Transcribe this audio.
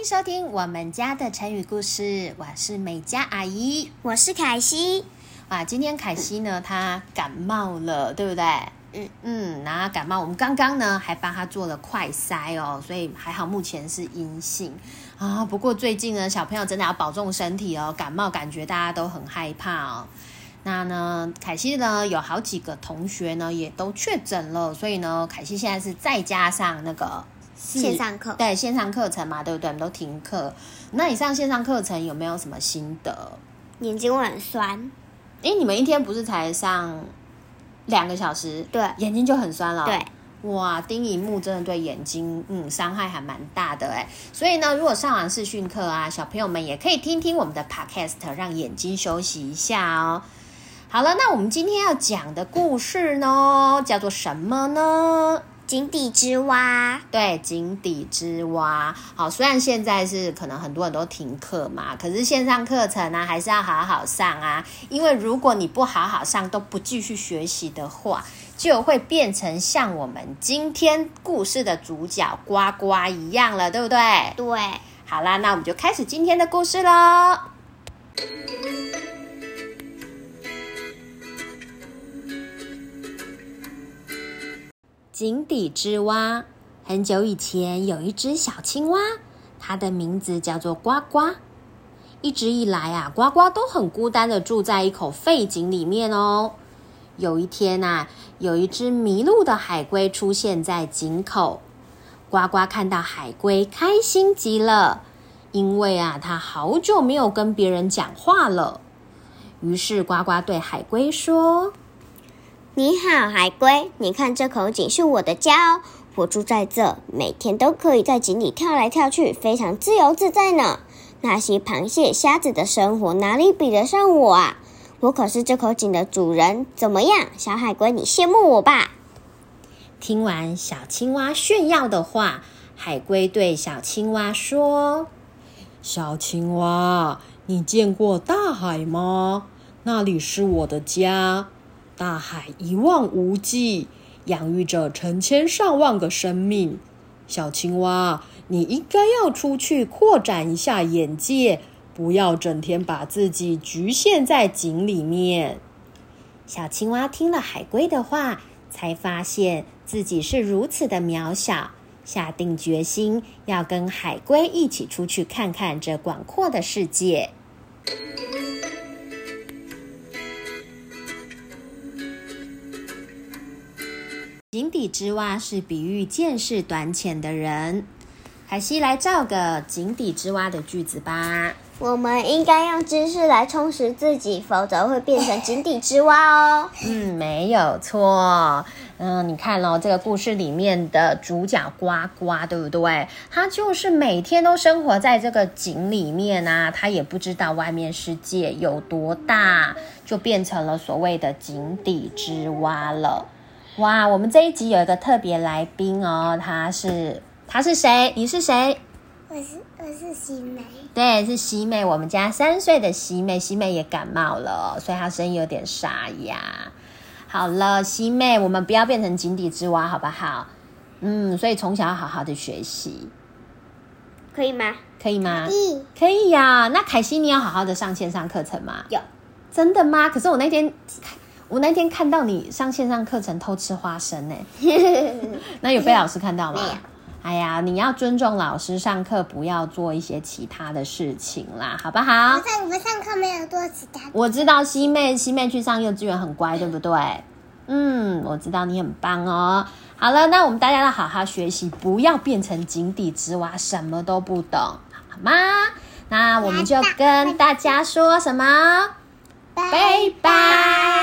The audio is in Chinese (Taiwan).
歡迎收聽我們家的成語故事，我是美嘉阿姨，我是凱西。哇、啊，今天凱西呢，嗯、她感冒了，對不對？嗯嗯，然後感冒，我們剛剛呢還幫她做了快篩哦，所以還好，目前是陰性啊。不過最近呢，小朋友真的要保重身體哦，感冒感覺大家都很害怕哦。那呢，凱西呢有好幾個同學呢也都確診了，所以呢，凱西現在是再加上那個。是線上課對線上課程嘛，對不對？我們都停課，那你上線上課程有沒有什麼心得？眼睛會很酸。為、欸、你們一天不是才上兩個小時？對，眼睛就很酸了。對，哇，盯熒幕真的對眼睛嗯傷害還蠻大的哎、欸。所以呢，如果上完視訊課啊，小朋友們也可以聽聽我們的 podcast，讓眼睛休息一下哦。好了，那我們今天要講的故事呢，嗯、叫做什麼呢？井底之蛙，對，井底之蛙。好，雖然現在是可能很多人都停課嘛，可是線上課程呢，啊，還是要好好上啊，因為如果你不好好上，都不繼續學習的話，就會變成像我們今天故事的主角呱呱一樣了，對不對？對，好啦，那我們就開始今天的故事嘍。嗯井底之蛙。很久以前，有一隻小青蛙，它的名字叫做呱呱。一直以來啊，呱呱都很孤單的住在一口廢井裡面哦。有一天啊，有一隻迷路的海龜出現在井口，呱呱看到海龜，開心極了，因為啊，它好久沒有跟別人講話了。於是呱呱對海龜說。你好，海龜。你看，這口井是我的家哦，我住在這，每天都可以在井裡跳來跳去，非常自由自在呢。那些螃蟹、蝦子的生活哪裡比得上我啊？我可是這口井的主人。怎麼樣？小海龜，你羨慕我吧？聽完小青蛙炫耀的話，海龜對小青蛙說：“小青蛙，你見過大海嗎？那裡是我的家。”大海一望無際，養育着成千上萬個生命。小青蛙，你應該要出去擴展一下眼界，不要整天把自己侷限在井裡面。小青蛙聽了海龜的話，才發現自己是如此的渺小，下定決心要跟海龜一起出去看看這廣闊的世界。井底之蛙是比喻見識短淺的人。凱西來造個井底之蛙的句子吧。我們應該用知識來充實自己，否則會變成井底之蛙哦。嗯，沒有錯。嗯，你看咯，這個故事裡面的主角呱呱，對不對？他就是每天都生活在這個井裡面啊，他也不知道外面世界有多大，就變成了所謂的井底之蛙了。哇，我們這一集有一個特別來賓哦，他是他是誰？你是誰？我是我是西妹，對，是西妹。我們家三歲的西妹，西妹也感冒了哦，所以她聲音有點沙啞。好了，西妹，我們不要變成井底之蛙，好不好？嗯，所以從小要好好的學習，可以嗎？可以嗎？可以，可以呀，啊。那凱西，你要好好的上線上課程嗎？有，真的嗎？可是我那天。我那天看到你上線上課程偷吃花生呢、欸！ 那有被老師看到嗎？有哎呀，你要尊重老師上課，不要做一些其他的事情啦，好不好？上課沒有做其他。我知道西妹西妹去上幼稚園很乖，對不對？嗯，我知道你很棒哦。好了，那我們大家都好好學習，不要變成井底之蛙，什麼都不懂，好嗎？那我們就跟大家說什麼，拜拜。拜拜。